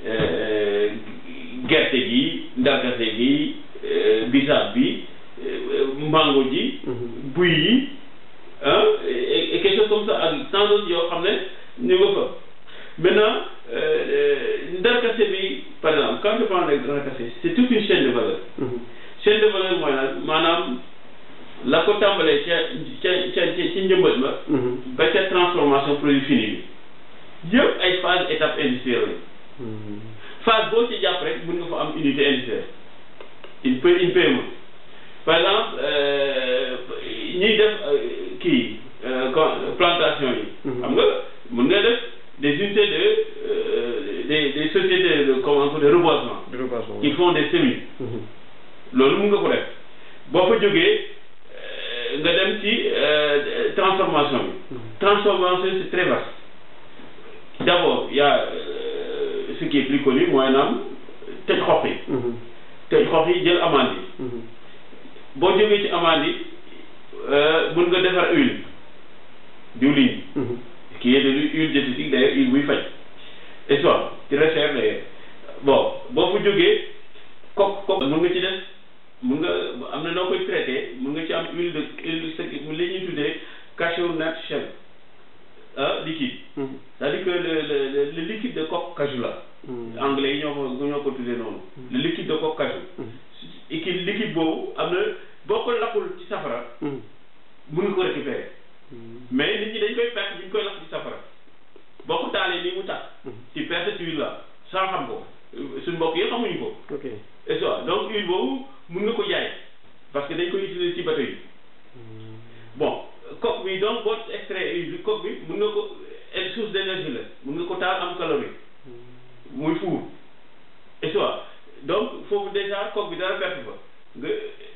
Euh, gerte gi ndarkase gi euh, bisaab bi euh, mbango ji mhm. buy yi hein, et quelque chose comme ça ak tant d'autres yoo xam ne ñu nga fa maintenant ndarkase bi par exemple quand je parle de ndarkase c'est toute une chaîne de valeur mhm. chaîne de valeur mooy naan maanaam la ko tàmbalee ca ca ca ci njëmbat ba mhm. ba ca transformation produit fini bi yëpp ay phase étape industrielle phase boo ci jàpp rek mën nga fa am unité indiciaire une paie une paie par euh, euh, kii euh, plantation yi. Mhm. xam nga mën nga def comment de reboisement. de reboisement qui font des semis. Mhm. loolu mën nga ko def boo fa jógee nga ci transformation bi. Mhm. transformation c'est d'abord ya a euh, ce qui est plus connu mooy naan tëj xox yi mhm. tëj xox yi jël amande mhm. boo jógee ci amande yi euh, mën nga defar huile diwlin qui mhm. est de l'huile diététique d'ailleurs huile buy faj et soit très cher d'ailleurs bon boo fa jógee kok kok mën nga ci def mën nga am na noo koy traité mën nga ci am huile de huile li ñuy tuddee Hein, liquide. Mm-hmm. c'est-à-dire que le liquide de coque cajou mm-hmm. anglais ñoo mm-hmm. le liquide de coque cajou. liquide liquide il am na la la ci safara. mun ko récupérer. mais nit ñi dañ koy perte n'y ko mu tax. ci perte huile la sans xam bon. C'est yi et ça donc huile parce que bon. Kokwi donk bot ekstrey. Kokwi moun nou kou et souz denezile. Moun nou kou tar an kalori. Moun fou. Et so a. Donk fou deja kokwi darap pepifo.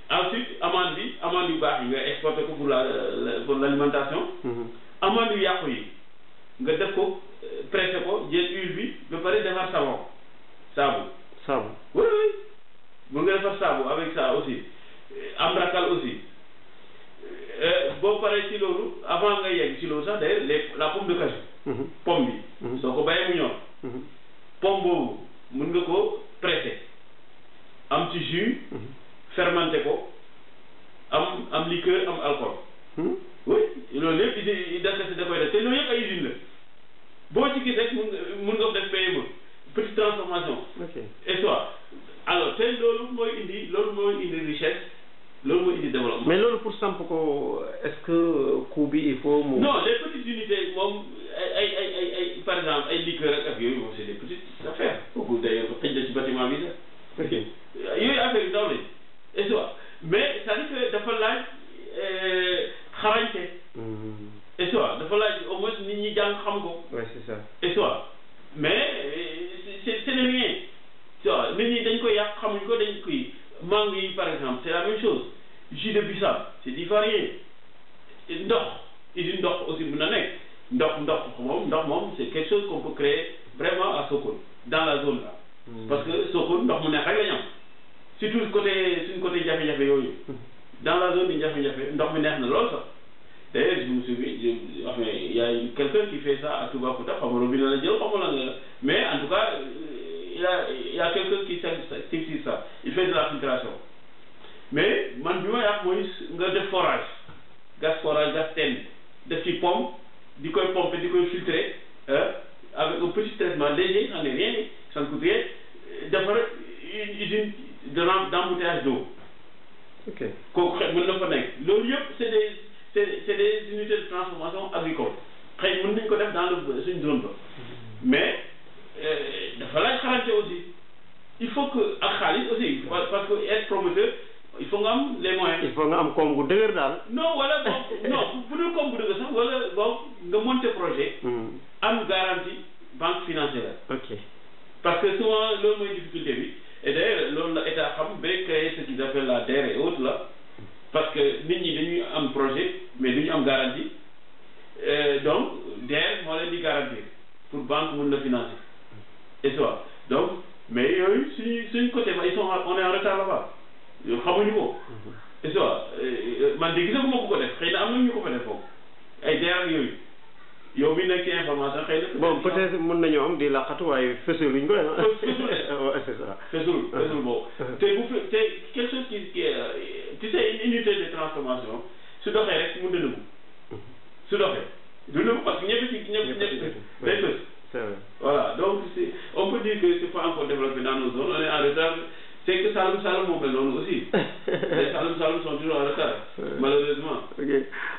Ansyt, amandou, amandou bahi, moun eksporte kou pou l'alimentasyon. Mm-hmm. Amandou yakoye. Moun tep kou euh, prese kou, jen uvi, moun pare denar savon. Savon. Savon. Moun gen far savon avek sa osi. Euh, Amrakal osi. Euh, boo paree ci loolu avant nga yegg la pomme de cajou. Mhm. pomme bi. Mhm. soo ko bàyyee mu ñor. Mhm. pomme boobu mun nga ko presser am ci jus. fermenté ko am am liqueur am alcool. Hmm? oui loolu lépp idée da da koy def te loolu yëpp ay usine la boo ci gis rek mun nga mun nga def PME petite transformation. ok et soit alors te loolu mooy indi loolu mooy indi richesse. loolu moo indi développement. mais loolu pour samp ko est-ce que coût bi il faut. mu non les petites unités moom ay ay ay ay par exemple ay liqueur ak ak yooyu moom c'est des petites affaires. kooku d'ailleurs xëj na ci bâtiment bi sax. ok yooyu affaire yi daw nañ. pour banque mën la financer et ça donc mais yooyu suñu suñ côté ba ils sont on est en retard là-bas xamuñu ko et ça euh, man ko def xëy na am na ñu ko fa def foofu ay jaar yooyu yow mi nekk ci information xëy na. bon peut être mën nañoo am di laqatu waaye fësul ñu ko def ah. c'est ça fësul fësul boobu. <laughs> te bu fe te quelque chose qui qui euh, tu transformation su doxee rek mu dënnu parce donc on peut dire que n'est pas encore développé dans nos zones on est en retard c'est que Saloum Saloum fait aussi <laughs> les sont toujours en retard malheureusement.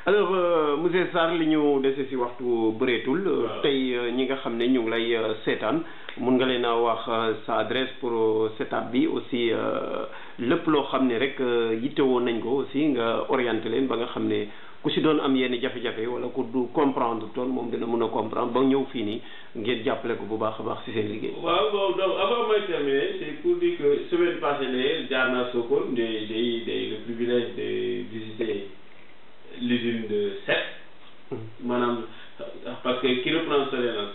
alors euh, M. Sar, li ñu waxtu euh, euh, ñi nga sa adresse pour setup bi aussi le lo xamné rek ko kusi si am yenn jafe-jafe wala ku du comprendre ton mom dina meuna comprendre ba ñew fini nii ngeen jàppale ko bu baax baax si seen liggéey. waaw waaw donc avant may terminer c'est pour dire que semaine passée né jaar naa Sokone day day de le privilège de visiter l'usine de sept. Hmm. manam parce que qui reprend Solenas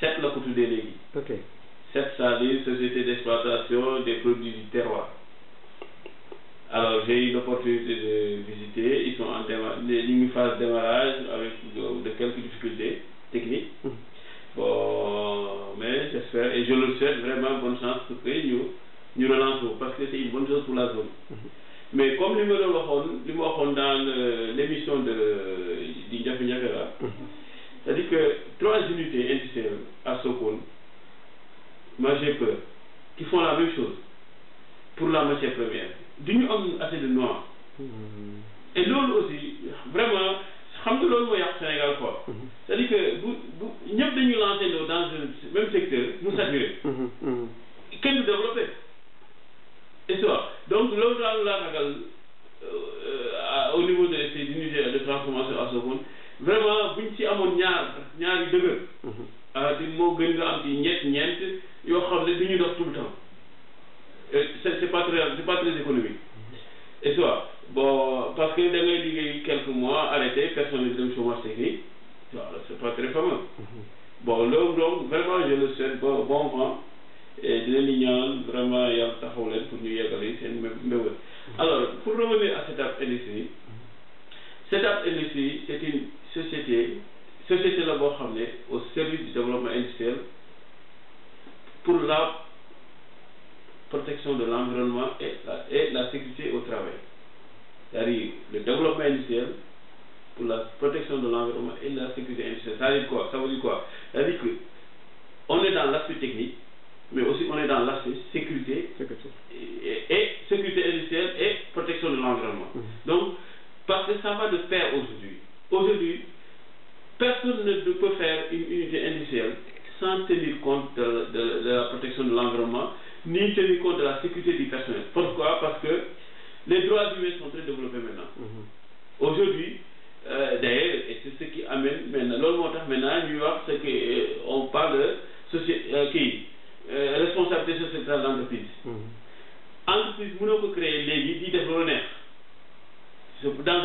Sète la ko tudé légui ok Sète ça à dire société d'exploitation des produits du terroir. Alors j'ai eu l'opportunité de visiter, ils sont en phase démarrage avec de, de, quelques difficultés techniques. Mm. Bon, mais j'espère et je le souhaite vraiment bonne chance pour que nous, nous relançons parce que c'est une bonne chose pour la zone. Mm-hmm. Mais comme nous le dans l'émission de d'Indiafinyakara, mm-hmm. c'est-à-dire que trois unités industrielles à Sokon, moi j'ai peur, qui font la même chose pour la matière première duñu am assez de noir. et loolu aussi vraiment xam nga loolu moo yàq Sénégal quoi c'est-à-dire que bu bu ñëpp dañu lancé loolu dans le même secteur mu saturé kenn du développé et ça donc loolu daal laa ragal euh, au niveau de ces unités de transformation à Sokone vraiment buñ ci amoon ñaar ñaari yu dëgër mhm. ah, di moo gën nga am ci ñett ñeent yoo xam ne du ñu dox tout le temps euh, c'est pas très c'est pas très économique mhm. et soit bon parce que da ngay quelques mois arrêté personne ne le chômage technique c'est pas très fameux mhm. bon l'homme, donc vraiment je le sais bon bon vent et de vraiment il vraiment yàlla pour nous mhm. alors pour revenir à cette industrie cette industrie c'est une société société là au service du développement industriel pour la protection de l'environnement et, la, sécurité au travail. C'est-à-dire le développement industriel pour la protection de l'environnement et la sécurité industrielle. Ça veut dire quoi Ça veut dire quoi qu'on est dans l'aspect technique, mais aussi on est dans l'aspect sécurité, Et, sécurité industrielle et protection de l'environnement. Mm-hmm. Donc, parce que ça va de pair aujourd'hui. Aujourd'hui, personne ne peut faire une unité industrielle sans tenir compte de la protection de l'environnement ni tenu compte de la sécurité du personnel. Pourquoi Parce que les droits humains sont très développés maintenant. Mhm. Aujourd'hui, euh, d'ailleurs, et c'est ce qui amène maintenant, l'autre maintenant, New York, c'est qu'on euh, parle de qui, euh, responsabilité sociale d'entreprise. Mm -hmm. Entreprise, nous créer les guides de dans un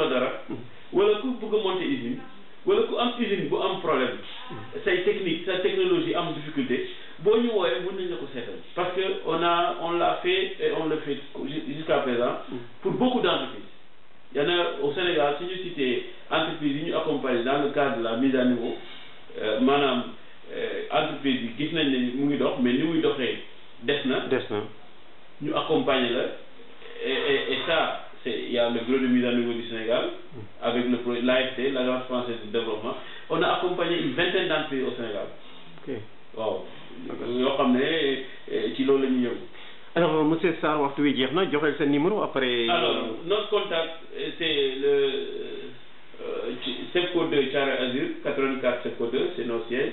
soxla dara wala ku bëgg monter usine wala ku am usine bu am problème C'est technique sa technologie am difficulté boo ñu alors notre contact c'est le chef 2 Azur 84 chef 2 c'est nos sièges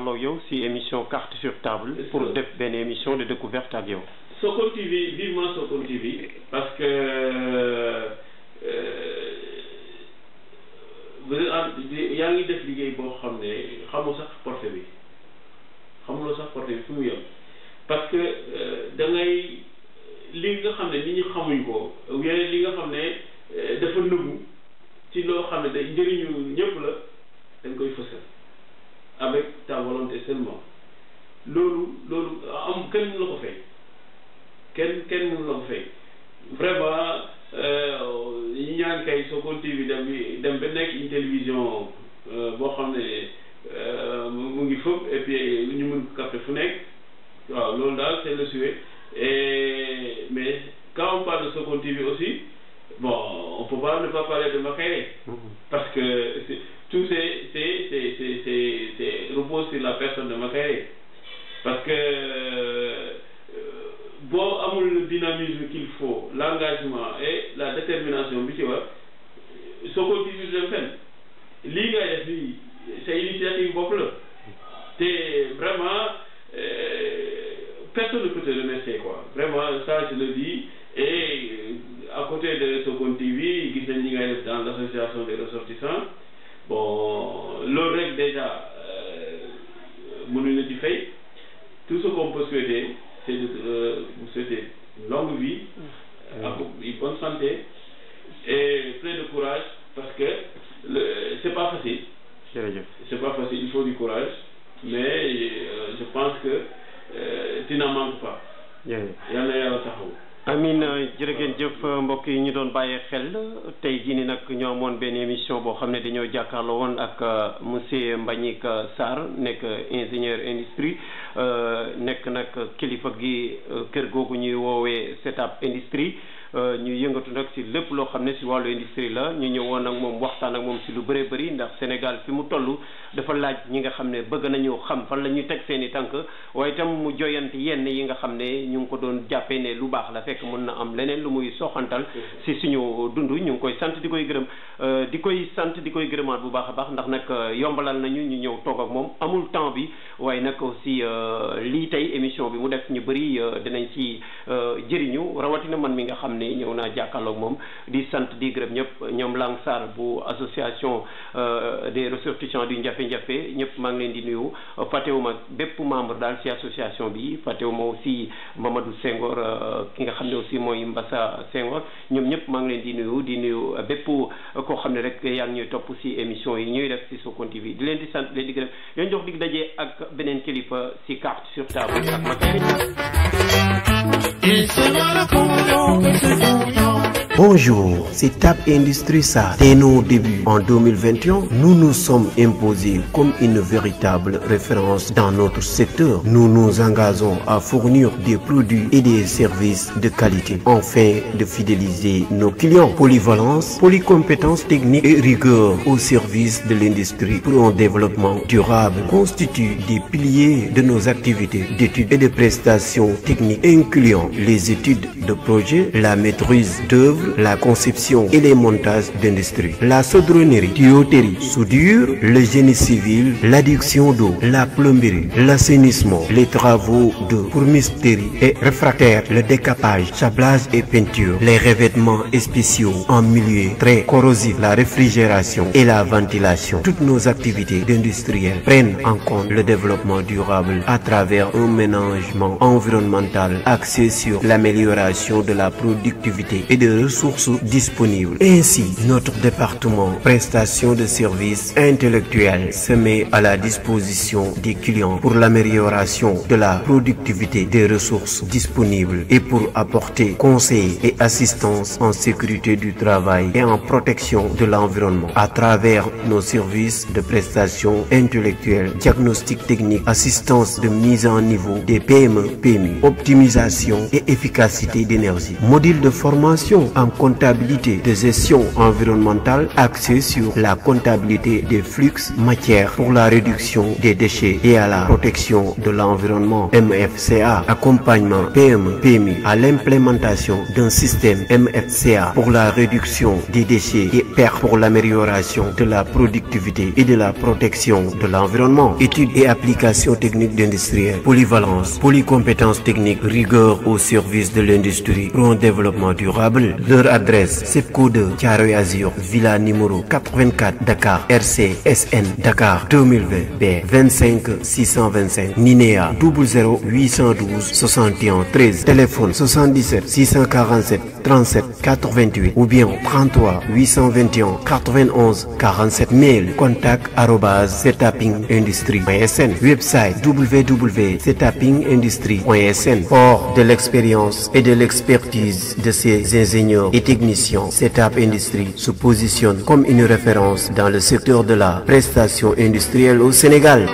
jàkkaarloo si émission carte sur table pour des émissions de découverte à yow Sokone TV vivement TV loolu loolu am kenn mënu la ko fay kenn kenn mënu la ko fay vraiment euh, ñu ñaan kay Sokone TV dem dem ba nekk une télévision euh, boo xam ne euh, mu ngi fëpp et puis ñu mën ko capter fu nekk waaw loolu daal c'est le souhait et mais quand on parle de Sokone TV aussi bon on peut pas ne pas parler de Makhayre mm-hmm. parce que tout c'est c'est c'est c'est c'est repose sur la personne de Makhayre parce que euh, amener le dynamisme qu'il faut l'engagement et la détermination bi qu'on dit, c'est fais. initiative vraiment euh, personne ne peut te remercier quoi vraiment ça je le dis et euh, à côté de Sokon TV qui dans l'association des ressortissants bon le règle déjà ne la ci fait tout ce qu'on peut souhaiter, c'est de euh, vous souhaiter une longue vie, mm. une bonne santé et plein de courage parce que c'est pas facile. C'est pas facile, il faut du courage, mais euh, je pense que euh, tu n'en manques pas. Yeah. amina jërëgen jëf mbokk yi ñu doon bàyyi xel tey jii ni nak ñoo amoon benn émission boo xam ne dañoo jàkkaarloo woon ak eh, monsieur mbañik sar nekk eh, ingénieur industrie eh, nekk nak kilifa gi kër googu ñuy woowee setap industrie Euh, ñu yëngatu nag si lépp loo xam ne si wàllu industrie la ñu ñëw woon ak moom waxtaan ak moom si lu bëree bëri ndax Sénégal fi mu tollu dafa laaj ñi nga xam ne bëgg nañoo xam fan la ñuy teg seen i tànk waaye itam mu joyante yenn yi nga xam ne ñu ngi ko doon jàppee ne lu baax la fekk mën na am leneen lu muy soxantal si suñu dund ñu ngi koy sant di koy gërëm euh, di koy sant di koy gërëmaat bu baax a baax ndax nag euh, yombalal nañu ñu ñëw toog ak moom amul temps bi waaye nag aussi lii tey émission bi mu def ñu bëri dinañ ci jëriñu nii ñëw naa jàkkaarloog di di association euh, des ressortissants du association bi aussi Mamadou euh, ki nga sur table Y se va la cuyo, que se cuyo. Bonjour, c'est TAP Industrie SA. Dès nos débuts en 2021, nous nous sommes imposés comme une véritable référence dans notre secteur. Nous nous engageons à fournir des produits et des services de qualité afin de fidéliser nos clients. Polyvalence, polycompétence technique et rigueur au service de l'industrie pour un développement durable constituent des piliers de nos activités d'études et de prestations techniques incluant les études de projet, la maîtrise d'œuvre, la conception et les montages d'industrie, la saudronnerie, tuyauterie, soudure, le génie civil, l'adduction d'eau, la plomberie, l'assainissement, les travaux de fourmisterie et réfractaire, le décapage, sablage et peinture, les revêtements spéciaux en milieu très corrosif, la réfrigération et la ventilation. Toutes nos activités d'industriels prennent en compte le développement durable à travers un ménagement environnemental axé sur l'amélioration de la productivité et de ressources disponibles. Ainsi, notre département prestations de services intellectuels se met à la disposition des clients pour l'amélioration de la productivité des ressources disponibles et pour apporter conseils et assistance en sécurité du travail et en protection de l'environnement à travers nos services de prestations intellectuelles, diagnostic technique, assistance de mise en niveau des PME, PMI, optimisation et efficacité d'énergie, module de formation comptabilité de gestion environnementale axée sur la comptabilité des flux matières pour la réduction des déchets et à la protection de l'environnement MFCA, accompagnement PME, PMI à l'implémentation d'un système MFCA pour la réduction des déchets et pertes pour l'amélioration de la productivité et de la protection de l'environnement, études et applications techniques d'industriels, polyvalence, polycompétences techniques, rigueur au service de l'industrie pour un développement durable adresse SEPCO de Thiaroye Azur villa numéro 84 Dakar RC SN Dakar 2020 B 25 625 Ninea 00 812 71 13 téléphone 77 647 37 88 ou bien 33 821 91 47 mail contact arrobase website www.setappingindustrie.sn Fort de l'expérience et de l'expertise de ces ingénieurs et technicien Setup industry se positionne comme une référence dans le secteur de la prestation industrielle au Sénégal.